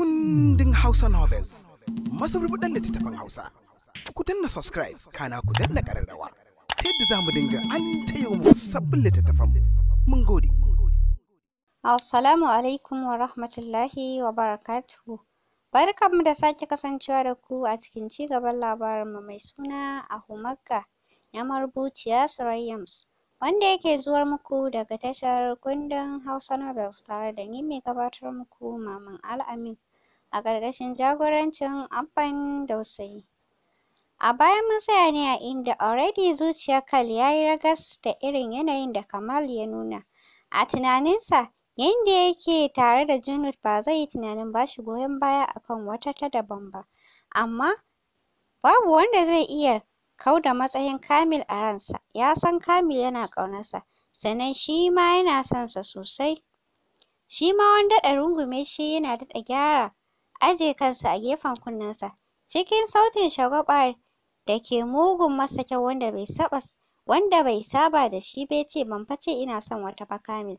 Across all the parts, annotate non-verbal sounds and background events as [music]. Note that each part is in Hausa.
kundin Hausa Novels, Masu masarubuɗan littattafan Hausa. Ku danna subscribe, kana ku danna ƙararrawa. Ta yadda za mu dinga an tayo mu sabbin littattafan mun gode. Assalamu alaikum wa rahmatullahi wa barakatuhu. Barkanmu da sake kasancewa da ku a cikin ci gaban labarinmu mai suna Ahumakka na marubuciya Surayyams. wanda yake zuwar muku daga tashar kundin Hausa Novels tare da ni mai gabatar muku Maman Al'amin. a ƙarƙashin jagorancin Abban Dausayi. A baya mun tsaya ne a inda already zuciyar Kal ya yi ragas da irin yanayin da Kamal ya nuna. A tunaninsa, yanda yake tare da Junud ba zai yi tunanin ba shi goyon baya a kan wata ta daban ba. Amma babu wanda zai iya kau da matsayin Kamil a ransa. Ya san Kamil yana ƙaunarsa, sannan shi ma yana son sa sosai. Shi ma wani daɗa rungume shi yana daɗa gyara ajiye kansa a gefen kunnensa cikin sautin shagwaɓa da ke mugun masa kyau wanda bai saba wanda bai saba da shi bai ce ban fa ina son wata ba Kamil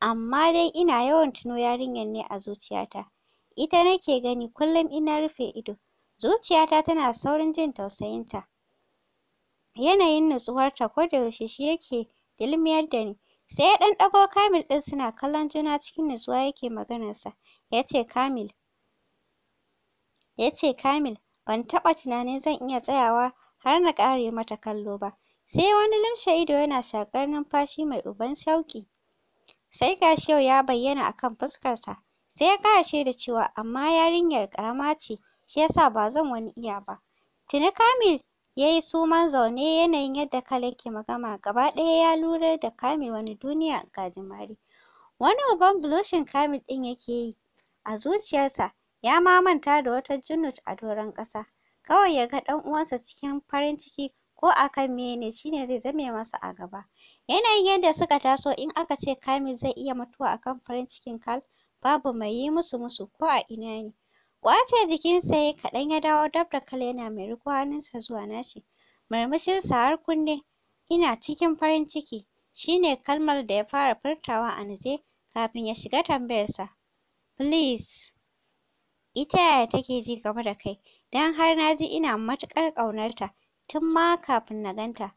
amma dai ina yawan tuno yarinyar ne a zuciyata ita nake gani kullum ina rufe ido zuciyata tana saurin jin tausayinta yanayin nutsuwarta kodayaushe shi yake dilmiyar da ni sai ya ɗan ɗago Kamil ɗin suna kallon juna cikin nutsuwa yake maganarsa ya ce Kamil ya ce Kamil ban taɓa tunanin zan iya tsayawa har na ƙare mata kallo ba. Sai wani lamshe ido yana shakar numfashi mai uban shauki Sai gashi yau ya bayyana akan kan fuskarsa. Sai ya kashe da cewa amma yarinyar karama ce shi ya ba zan wani iya ba. Tuni Kamil yayi yi suman zaune yanayin yadda Khalid ke magana gaba ɗaya ya lura da Kamil wani duniya gajimare. Wani uban buloshin Kamil ɗin yake yi a zuciyarsa ya ma manta da wata Junut a doron ƙasa. Kawai ya ga ɗan uwansa cikin farin ciki ko akan kan mene shi ne zai zame masa a gaba. Yanayin yadda suka taso in aka ce Kamil zai iya mutuwa a kan farin cikin Kal, babu mai yi musu musu ko a ina ne. Ƙwace jikinsa ya kaɗan ya dawo dab da Kal yana mai riƙo hannunsa zuwa nashi. Murmushinsa har kunne, ina cikin farin ciki, shi ne kalmar da ya fara furtawa a natse kafin ya shiga tambayarsa. Please. ita yaya take ji game da kai dan har na ji ina matuƙar ƙaunarta tun ma kafin na ganta.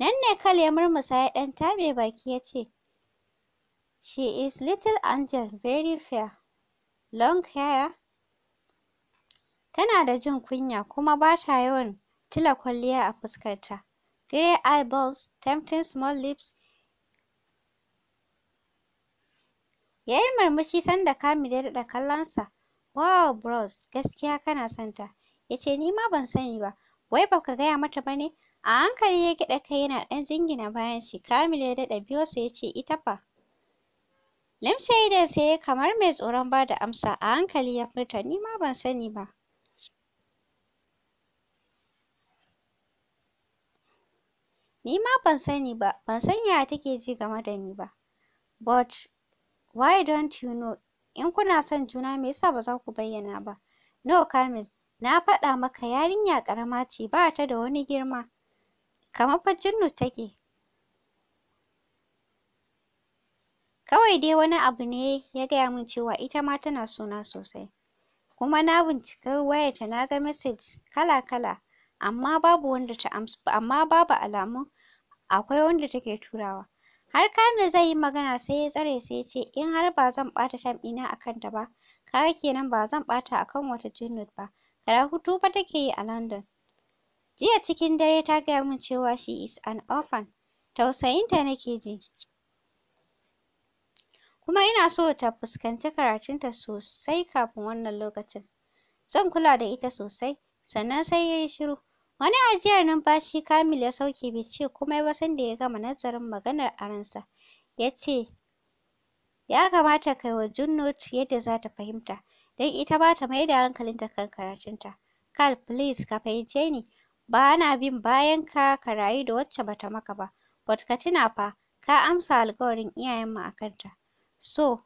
Nan ne Kal ya murmusa ya ɗan taɓe baki ya ce, She is little angel, very fair, long hair. Tana da jin kunya kuma bata yawan tila kwalliya a fuskarta. Grey eyeballs, tempting small lips. Ya murmushi sanda Kamil ya daɗa kallonsa. Wow bros, gaskiya kana son ta. Ya ni ma ban sani ba. Wai baka gaya mata ba ne? A hankali ya gyaɗa kai yana ɗan jingina bayan shi. Kamil ya daɗa biyo sa ya ita fa. Limse idan sai kamar mai tsoron ba da amsa a hankali ya furta ni ma ban sani ba. Ni ma ban sani ba, ban san yaya take ji game da ni ba. But why don't you know in kuna son juna me yasa ba za ku bayyana ba no Kamil na faɗa maka yarinya ƙarama ce ba ta da wani girma kamar fa jinnu take kawai dai wani abu ne ya gaya min cewa ita ma tana sona sosai kuma na bincika wayarta na ga message kala kala amma babu wanda ta amma babu alamun akwai wanda take turawa Har Kamil zai yi magana sai ya tsare sai ya ce in har ba zan ɓata shan ɗina a kanta ba, kaga kenan ba zan ɓata a kan wata Junnud ba, gara hutu fa take yi a London. Jiya cikin dare ta gaya min cewa shi is an orphan, tausayinta nake ji. Kuma ina so ta fuskanci karatunta sosai kafin wannan lokacin. Zan kula da ita sosai, sannan sai ya yi shiru. Wani ajiyar numfashi Kamil ya sauke bai ce komai ba sanda ya gama nazarin maganar aransa yace Ya ce, ya kamata kai wa Junnot yadda za ta fahimta, dan ita ba ta mai da ta kan karatunta. Kal, please, ka fahimce ni, ba ana bin bayan ka ka rayu da wacce bata maka ba. But ka tuna fa, ka amsa alƙawarin iyayenmu a kanta. So,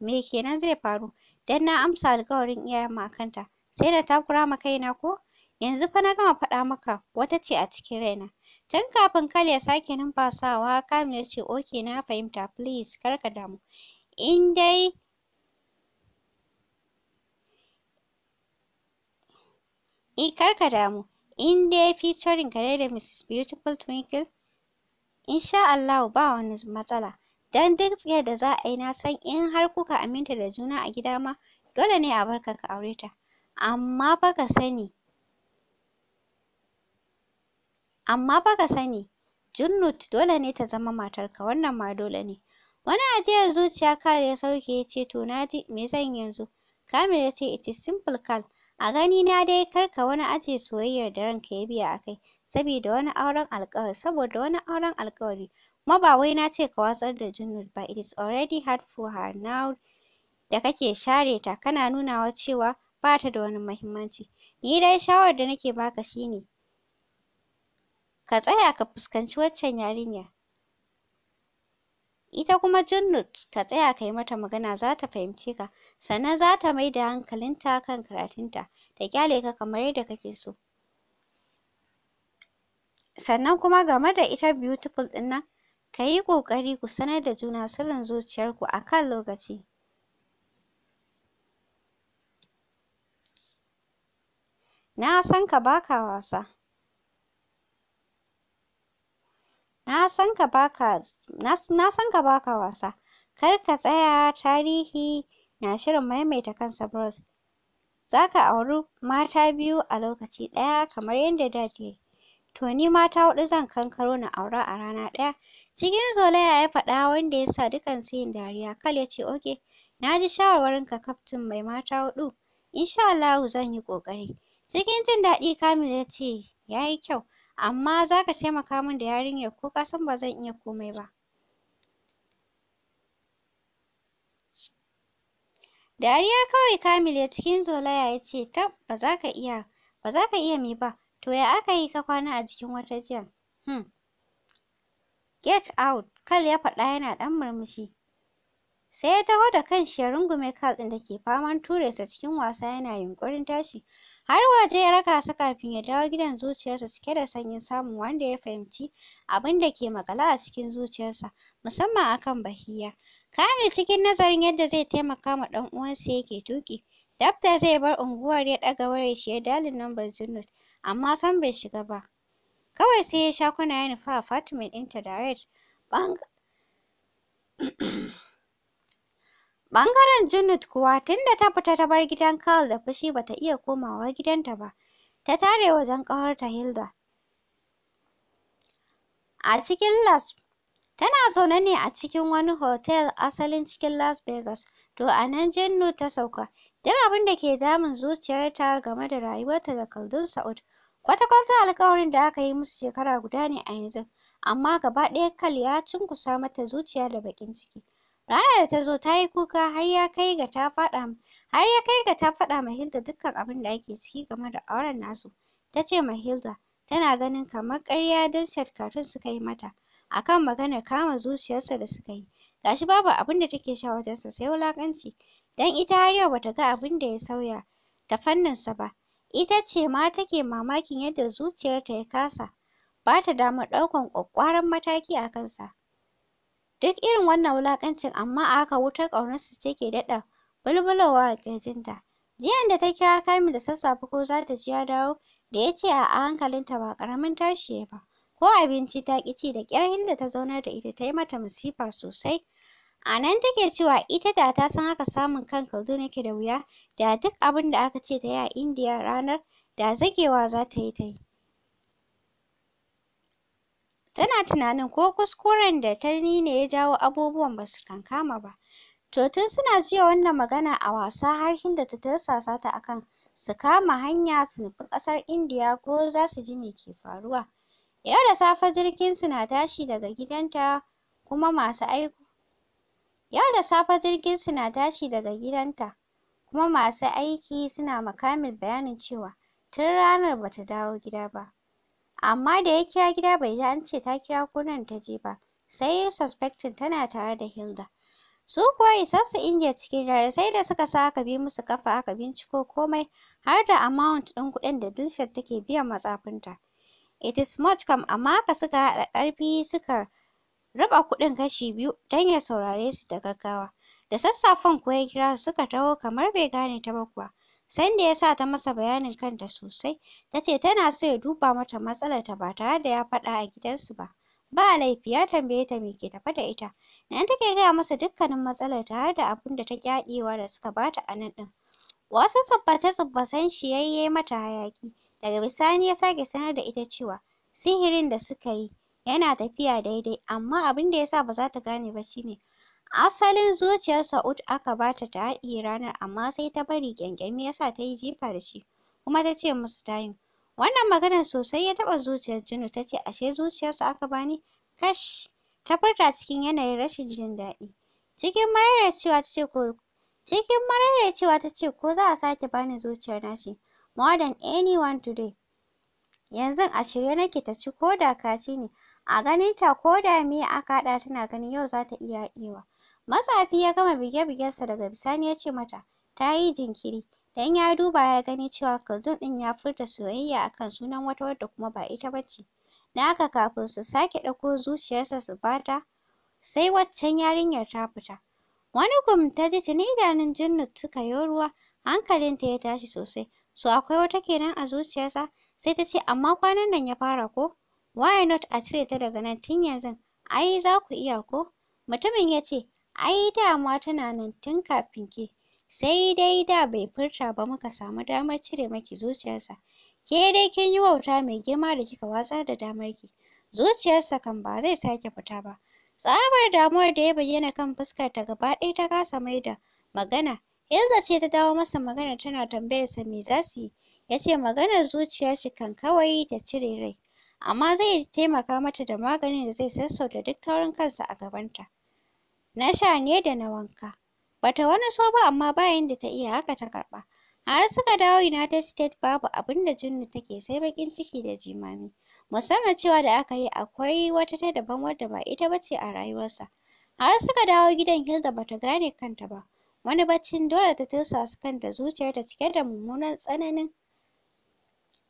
me kenan zai faru? dan na amsa alƙawarin iyayenmu a kanta, sai na takura ma kaina ko? yanzu fa na gama faɗa maka wata ce a cikin raina tun kafin Kal ya sake numfasawa Kamilu ya ce okay na fahimta please kar ka damu in dai kar ka damu in dai featuring ka da Mrs Beautiful Twinkle insha Allah ba wani matsala dan duk tsiyar da za a yi na san in har kuka aminta da juna a gida ma dole ne a barka ka aure ta amma fa ka sani Amma fa ka sani, Junnut dole ne ta zama matarka, wannan ma dole ne. Wani ajiyar zuciya kar ya sauke ya ce to na ji, me zan yanzu? kamar ya ce it is simple Kal, a gani na dai kar ka wani ajiye soyayyar da ranka ya biya a kai, saboda wani auren alƙawari, saboda wani auren alƙawari. Kuma ba wai na ce ka watsar da Junnut ba, it is already hard for her now da kake share ta, kana nunawa cewa ba ta da wani muhimmanci. Ni dai shawarar da nake baka shine ka tsaya ka fuskanci waccan yarinya ita kuma Junud ka tsaya ka yi mata magana za ta fahimce ka sannan za ta mai da hankalinta kan karatunta ta kyale ka kamar yadda kake so sannan kuma game da ita Beautiful ɗin nan ka yi ƙoƙari ku sanar da juna sirrin zuciyarku a kan lokaci na san ka baka wasa Na san ka baka wasa. Kar ka tsaya tarihi na shirin maimaita kansa bros Za ka auri mata biyu a lokaci ɗaya kamar yadda Dad ya yi. To ni mata huɗu zan kankaro na aura a rana ɗaya. Cikin zolaya ya faɗa wanda ya sa dukansu yin dariya. Kal ya ce oke, na ji shawarwarinka kaftin mai mata huɗu. Insha Allahu zan yi ƙoƙari. Cikin jin daɗi Kamil ya ce ya yi kyau. amma za ka taimaka min da yarinyar ko ka san ba zan iya komai ba. Dariya kawai Kamil ya cikin zolaya ya ce tab ba za ka iya ba iya mi ba to ya aka yi ka kwana a jikin wata jiya. Hmm. Get out Kal ya faɗa yana ɗan murmushi. Sai ya taho da kanshi ya rungume Kal ɗin da ke faman ture sa cikin wasa yana yunƙurin tashi. Har waje ya raka su kafin ya dawo gidan zuciyarsa cike da sanyin samun wanda ya fahimci abin da ke maƙale a cikin zuciyarsa musamman a kan Bahiya. Kamil cikin nazarin yadda zai taimaka ma ɗan uwansa yake tuƙi. dabta zai bar unguwar ya ɗaga wayar shi ya dalin lambar Junud amma sam bai shiga ba. Kawai sai ya sha kuna ya nufi apartment ɗinta direct. [coughs] bangaren Junud kuwa tunda ta fita ta bar gidan Carl da fushi bata iya komawa gidanta ba. Ta tare wajen ƙawarta Hilda. A cikin Las tana zaune ne a cikin wani hotel asalin cikin Las Vegas. To a nan Junud ta sauka. Duk abin da ke damun zuciyarta game da rayuwarta da kaldun Sa'ud. Kwata-kwata alƙawarin da aka yi musu shekara guda ne a yanzu. amma gaba ɗaya Kal ya cunkusa mata zuciya da baƙin ciki. Rana da ta zo ta yi kuka har ya kai ga ta faɗa har ya kai ga ta faɗa ma Hilda dukkan abin da ake ciki game da auren nasu. Ta ce ma Hilda tana ganin kamar ƙarya don Seth suka yi mata a kan maganar kama zuciyarsa da suka yi. ga shi babu abin da take sha wajensa sai wulaƙanci don ita har yau bata ga abin da ya sauya ta fanninsa ba. Ita ce ma take mamakin yadda zuciyarta ya kasa ba ta damar ɗaukan ƙwaƙƙwaran mataki a kansa. Duk irin wannan wulaƙancin amma a haka wutar su ce ke daɗa bulbulowa a ƙirjinta. Jiyan da ta kira Kamil da sassafe ko za ta ji ya dawo da ya ce a hankalinta ba ƙaramin tashi ya ba. Ko abinci ta ƙi ci da ƙyar Hilda ta zaunar da ita ta yi mata masifa sosai. A nan take cewa ita da ta san haka samun kan Kaduna nake da wuya, da duk abin da aka ce ta yi a Indiya ranar da zagewa za ta yi ta yi. Tana tunanin ko kuskuren da ta yi ne ya jawo abubuwan ba su kankama ba. To tun suna jiya wannan magana a wasa har Hilda ta tursasa ta akan su kama hanya su nufi ƙasar Indiya ko za su ji me ke faruwa. Yau da safe jirginsu na tashi daga gidanta kuma masu aiki Yau da safe jirginsu na tashi daga gidanta kuma masu aiki suna makamin bayanin cewa tun ranar ba ta dawo gida ba. Amma da ya kira gida bai ji an ce ta kira ko nan ta je ba, sai ya suspecting tana tare da Hilda. Su kuwa isassu Indiya cikin dare sai da suka saka bi musu kafa aka binciko komai har da amount ɗin kuɗin da Dilshad take biyan matsafinta. It is much kam amma ka suka haɗa ƙarfi suka raba kuɗin kashi biyu don ya saurare su da gaggawa. Da sassafen kuwa ya kira su suka taho kamar bai gane ta ba kuwa. Sanda ya sa ta masa bayanin kanta sosai, ta ce tana so ya duba mata matsalarta ba tare da ya faɗa a gidansu ba. Ba laifi ya tambaye ta me ke tafe da ita. Nan take gaya masa dukkanin ta har da abin da ta ƙyaɗewa da suka bata a nan ɗin. Wasu tsubbace-tsubbacen shi yayye mata hayaki, Daga bisani ya sake sanar da ita cewa sihirin da suka yi yana tafiya daidai amma abin da ya sa ba za ta gane ba shine. Asalin zuciyar Sa'ud aka bata ta haɗiye ranar amma sai ta bari gyangyami ya sa ta yi jifa da shi kuma ta ce musu tayin. Wannan maganar sosai ya taɓa zuciyar Jinu ta ce ashe zuciyarsa aka ba ni kash ta furta cikin yanayin rashin jin daɗi. Cikin maraicewa ta ce ko cikin ta ce ko za a sake bani zuciyar nashi more than anyone today. Yanzu a shirye nake ta ci ko da kaci ne a ganin ta, ko da me aka haɗa tana ganin yau za ta iya haɗewa. Matsafi ya gama bige-bigensa daga bisani ya ce mata ta yi jinkiri dan ya duba ya gani cewa Khaldun ɗin ya furta soyayya akan sunan wata wadda kuma ba ita ba ce. Don haka kafin su sake ɗauko zuciyarsa su bata sai waccan yarinyar ta fita. Wani gum ta ji tuni idanun Junnut suka yo ruwa hankalinta ya tashi sosai. Su akwai wata kenan a zuciyarsa? Sai ta ce amma kwanan nan ya fara ko? Why not a cire ta daga nan tun yanzu? Ai za ku iya ko? Mutumin ya ce Ai dama tana nan tun kafin ke. Sai dai da bai furta ba muka samu damar cire maki zuciyarsa. Ke dai kin yi wauta mai girma da kika watsar da damar ki. Zuciyarsa kan ba zai sake fita ba. Tsabar damuwar da ya bayyana kan fuskarta gaba ɗaya ta kasa maida magana. Hilda ce ta dawo masa magana tana tambayarsa me za su yi. Ya ce maganar zuciya ce kan kawai ta cire rai. Amma zai taimaka mata da maganin da zai sassauta duk taurin kansa a gabanta. na sha ne da na wanka. Bata wani so ba amma ba yanda ta iya haka ta karɓa. Har suka dawo United States babu abin da Junnu take sai bakin ciki da jimami. Musamman cewa da aka yi akwai wata ta daban wadda ba ita ba ce a rayuwarsa. Har suka dawo gidan Hilda bata gane kanta ba. Wani baccin dole ta tursasu kanta zuciyarta cike da mummunan tsananin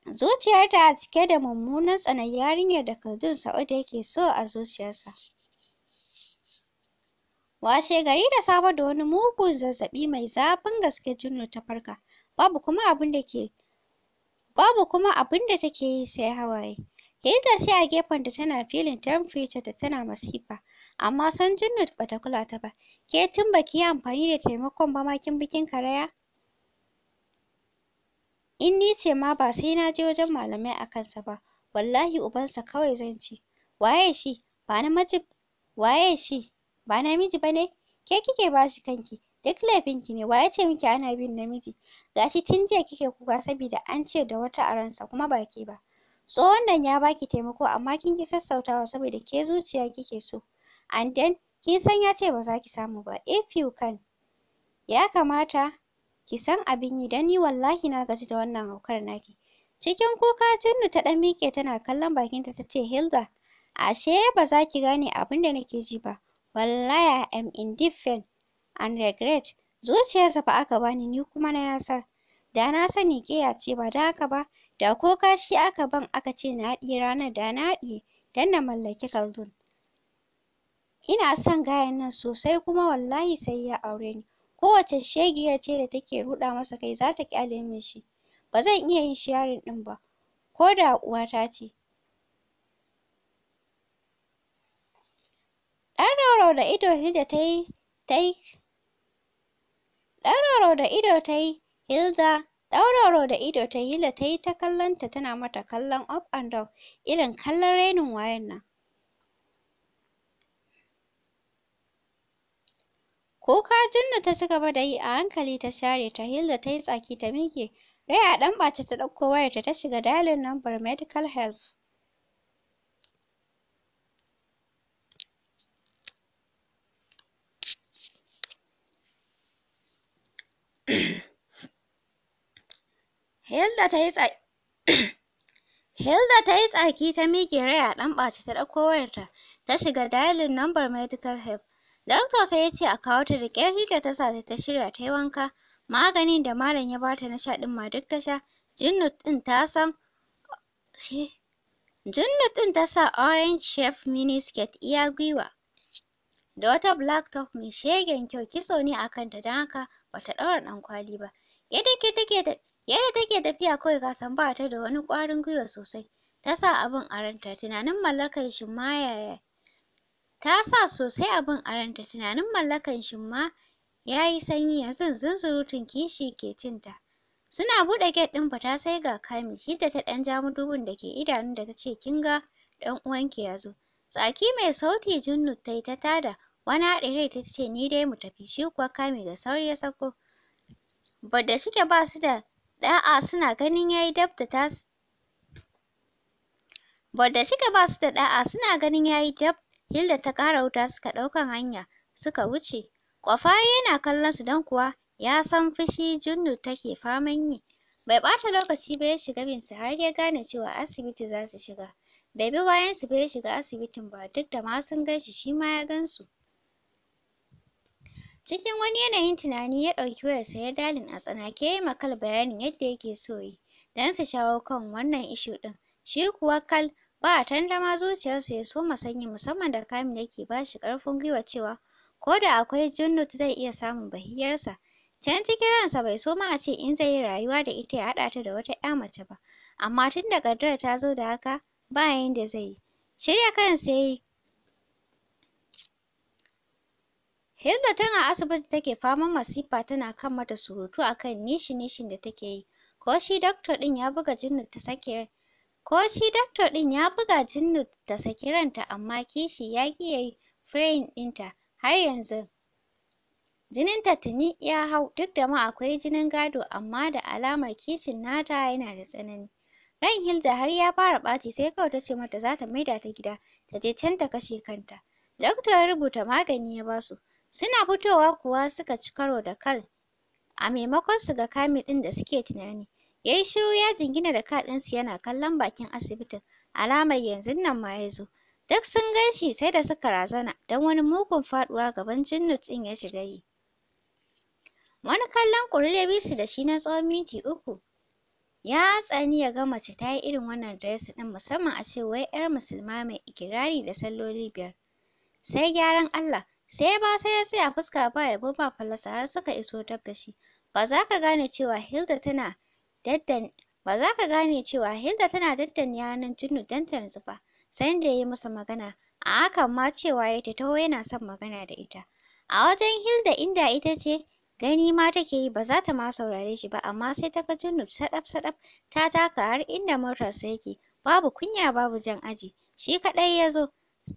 zuciyarta a cike da mummunan tsanan yarinyar da sa'o da yake so a zuciyarsa. Washe gari da saba da wani mugun zazzaɓi mai zafin gaske Juno ta farka. Babu kuma abin da ke babu kuma abin da take yi sai hawaye. Hilda sai a gefen da tana filin temperature da tana masifa. Amma san Juno bata kula ta ba. Ke tun baki ya amfani da taimakon bamakin bikin karaya? In ni ce ma ba sai na je wajen malamai a kansa ba. Wallahi ubansa kawai zan ci. Waye shi? Ba na majib. Waye shi? ba namiji bane ke kike bashi kanki duk ki ne wa yace miki ana bin namiji gashi tin jiya kike kuka saboda an ce da wata a ransa kuma ba ke ba tsohon nan ya baki taimako amma kin ki sassautawa saboda ke zuciya kike so and then kin san ya ce ba za ki samu ba if you can ya kamata ki san abin yi don ni wallahi na gaji da wannan haukar naki cikin kuka Tunnu ta ɗan mike tana kallon bakinta ta ce Hilda ashe ba za ki gane abin da nake ji ba Wallahi I am indifferent and regret. Zuciyarsa fa aka bani ni kuma na yasar. Da na sani ya ce ba da haka ba, da ko kashi aka ban aka ce na haɗiye ranar da na haɗiye don na mallaki kaldun Ina son gayan nan sosai kuma wallahi sai ya aure ni. Kowace shegiyar ce da take ruɗa masa kai za ta ƙyale min shi. Ba zan iya yin sharing ɗin ba, ko da uwata ce. ɗan da ido Hilda ta yi ta yi ɗan da ido ta yi Hilda ɗan da ido ta yi Hilda ta yi ta kallonta tana mata kallon up and down irin kallon rainin wayan nan. Kuka Jinnu ta cigaba da yi a hankali ta share ta Hilda ta yi tsaki ta miƙe. a ɗan ɓace ta ɗauko wayarta ta shiga dayalin lambar medical help. [coughs] Hilda ta yi tsaki ta miƙe rai a ɗan ɓaci ta ɗauko wayarta ta shiga dayalin lambar medical help. Doctor sai ya ce a kawo ta da ƙyar Hilda ta sa ta shirya ta yi wanka. Maganin da malam ya bata na sha ɗin ma duk ta sha. jinnu ɗin ta sa orange chef mini skirt iya gwiwa. Da wata black top mai shegen kyau kitso ne a kanta don haka bata ɗaura ɗankwali ba. Ita ke da Yadda take tafiya kawai ka san ba ta da wani ƙwarin gwiwa sosai. Ta sa abin a ranta tunanin mallakar shi ma yaya. Ta sa sosai abin a ranta tunanin mallakar shi ma ya yi sanyi yanzu zunzurutun kishi ke cinta. Suna buɗe get ɗin fita sai ga kami hidda ta ɗan ja mudubin da ke idanun da ta ce kin ga ɗan uwanki ya zo. Tsaki mai sauti Junnut ta yi ta tada wani haɗe rai ta ce ni dai mu tafi shi kuwa Kami da sauri ya sauko. Ba da shike ba su da da'a suna ganin yayi dab da tas Bada cika ba su da da'a suna ganin yayi dab Hilda ta ƙara wuta suka ɗaukan hanya suka wuce Kwafaye yana kallon su don kuwa ya san fushi Junnu take faman yi bai ɓata lokaci ba ya shiga bin su har ya gane cewa asibiti za su shiga bai bi bayan su ba ya shiga asibitin ba duk da ma sun gan shi shi ma ya gan su Cikin wani yanayin tunani ya ɗauki wayarsa ya dalin a tsanake ya ma Kal bayanin yadda yake so yi don su shawo kan wannan ishu ɗin. Shi kuwa Kal ba tantama zuciyarsa ya soma sanyi musamman da Kamil yake ba shi ƙarfin gwiwa cewa ko da akwai Junnut zai iya samun bahiyarsa. Can cikin ransa bai so ma a ce in zai yi rayuwa da ita ya haɗa ta da wata 'ya mace ba, amma tun ƙaddarar ta zo da haka ba yanda zai yi. Shirya kansa ya Hilda tana asibiti take faman masifa tana kan mata surutu akan nishi-nishin da take yi. Ko shi doctor din ya buga Jinnut ta sake Ko shi doctor din ya buga Jinnut ta saki ranta amma kishi ya ƙi yayi dinta ɗinta har yanzu. Jininta tuni ya hau duk da ma akwai jinin gado amma da alamar kicin nata yana da tsanani. Ran Hilda har ya fara ɓaci sai kawai ta ce mata za ta maida ta gida ta je can ta kashe kanta. doctor ya rubuta magani ya basu Suna fitowa kuwa suka ci karo da kal. A maimakon su ga kamin ɗin da suke tunani, ya yi shiru ya jingina da ka ɗinsu yana kallon bakin asibitin, alamar yanzu nan ma ya zo. Duk sun gan shi sai da suka razana don wani mugun faɗuwa gaban Junnut ɗin ya shiga yi. Wani kallon ƙurle bisu da shi na tsawon minti uku. Ya tsani ya ga mace ta yi irin wannan dress ɗin musamman a ce wai 'yar musulma mai ikirari da salloli biyar. Sai gyaran Allah. sai ba sai ya tsaya fuska ba ya ba fallasa har suka iso dab da shi ba za ka gane cewa hilda tana daddan ba za ka gane cewa hilda tana daddan yanan jinnu don ta nutsu ba sai da ya yi masa magana a hakan ma cewa ya ta taho yana son magana da ita a wajen hilda inda ita ce gani ma take yi ba za ta ma saurare shi ba amma sai ta ga jinnu sadaf sadaf ta taka har inda motarsa yake babu kunya babu jan aji shi kaɗai ya zo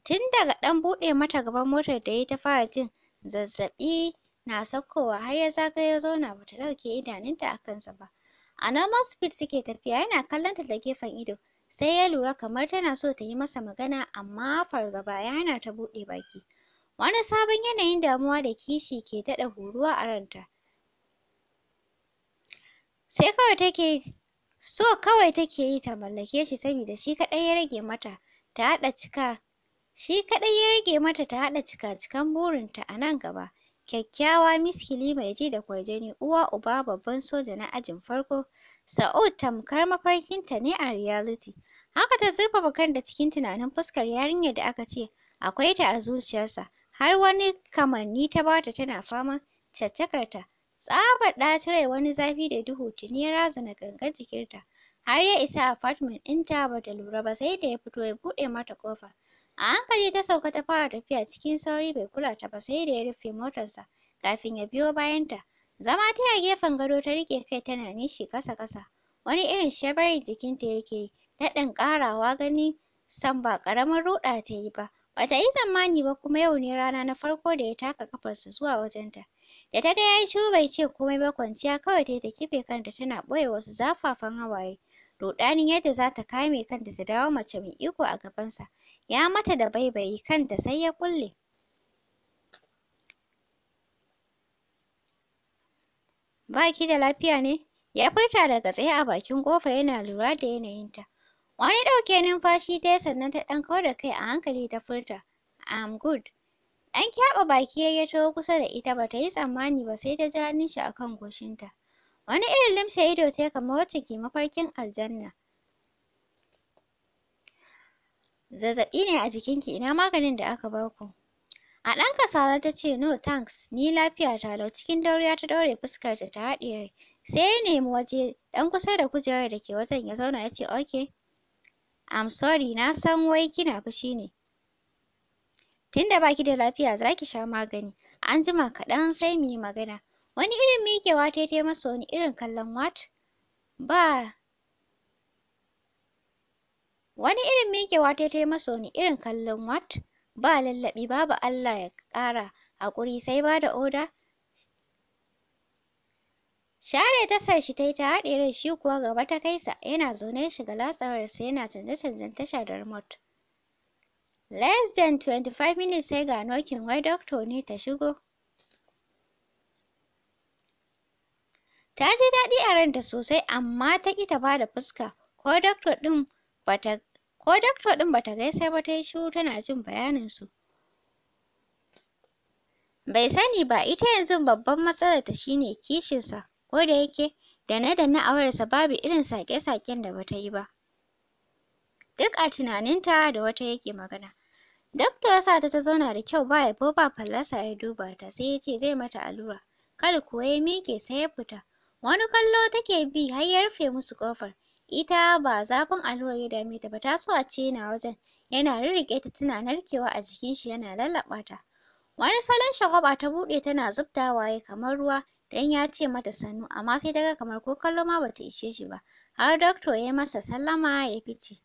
Tun daga ɗan buɗe mata gaban motar da ya ta fara jin zazzabi na saukowa har ya zagayo ya zauna bata ɗauke idanunta a kansa ba. A normal speed suke tafiya yana kallonta da gefen ido sai ya lura kamar tana so ta yi masa magana amma fargaba ya hana ta buɗe baki. Wani sabon yanayin damuwa da kishi ke daɗa huruwa a ranta. Sai kawai take so kawai take yi ta mallake shi saboda shi kaɗai ya rage mata ta haɗa cika Shi kaɗai ya rage mata ta haɗa cika-cikan burinta a nan gaba. Kyakkyawa Miss mai ji da kwarjani, uwa uba babban soja na ajin farko. Sa'ud tamkar mafarkinta ne a reality. Haka ta zurfafa da cikin tunanin fuskar yarinyar da aka ce akwai ta a zuciyarsa. Har wani kamanni ta bata tana fama? caccakarta. Tsabar ɗacirai wani zafi da duhu tuni ya razana gangan jikinta. Har ya isa apartment ɗinta bata lura ba sai da ya fito ya buɗe mata ƙofa. A hankali ta sauka ta fara tafiya cikin sauri bai kula ta ba sai da ya rufe motarsa kafin ya biyo bayanta. Zama ta a gefen gado ta rike kai tana nishi ƙasa kasa Wani irin shabarin jikinta yake yi, daɗin ƙarawa gani sam ba ƙaramar ruɗa ta yi ba. Ba yi tsammani ba kuma yau ne rana na farko da ya taka kafarsa zuwa wajenta. Da ta ga ya yi shiru bai ce komai ba kwanciya kawai ta yi ta kife kanta tana ɓoye wasu zafafan hawaye. Ruɗanin yadda za ta kame kanta ta dawo mace mai iko a gabansa. ya mata da baibayi kanta sai ya kulle ba ki da lafiya ne ya furta daga tsaye a bakin kofar yana lura da yanayinta wani ɗauke numfashi dai sannan ta ɗan kawar da kai a hankali ta furta I'm good ɗan kyaɓa baki ya taho kusa da ita ba ta yi tsammani ba sai ta ja hannun shi kan goshinta wani irin limshe ido tayi kamar wacce ke mafarkin aljanna zazzaɓi ne a jikinki ina maganin da aka baku a ɗan kasala ta ce no thanks ni lafiya ta lau cikin dauriya ta ɗaure fuskarta ta haɗe rai sai ya nemi waje ɗan kusa da kujerar da ke wajen ya zauna ya ce okay I'm sorry na san wai kina fushi ne tunda baki da lafiya za ki sha magani an jima kaɗan sai mu yi magana wani irin miƙewa ta yi masa wani irin kallon what ba Wani irin miƙewa ta yi masa wani irin kallon wat Ba lallaɓi babu Allah ya ƙara haƙuri sai ba da oda. Share tasa shi yi ta haɗe rai shi kuwa gaba ta kaisa yana zaune ya shiga latsawarsa yana canje-canjen tasha da remote. Less than 25 minutes sai ga nokin wai doctor ne ta shigo. Ta ji daɗi a ranta sosai amma ta ƙi ta bada fuska ko doctor ɗin bata ko dakto ɗin bata gaisa ba ta yi shiru tana jin bayanin su. bai sani ba ita yanzu babban matsalar ta shine kishin sa ko da yake da na awar sa babu irin sake-saken da bata yi ba duk a tunaninta da wata yake magana dakta ya sa ta ta zauna da kyau ba yabo ba fallasa ya duba ta sai ya ce zai mata allura kada kuwa ya miƙe sai ya fita wani kallo take bi har ya rufe musu ƙofar Ita ba zafin allurar ya dame ta ba, ta so a ce yana wajen. Yana rirriƙe ta tana narkewa a jikin shi yana lallaɓa ta. Wani salon shagwaba ta buɗe tana zubta waye kamar ruwa dan ya ce mata sannu amma sai ta ga kamar ko kallo ma bata ishe shi ba. Har doctor yayi masa sallama ya fice.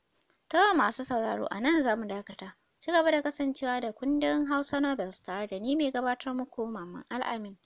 To masu sauraro a nan za mu dakata. Ci gaba da kasancewa da kundin Hausa Novels tare da ni mai gabatar muku Maman Al'amin.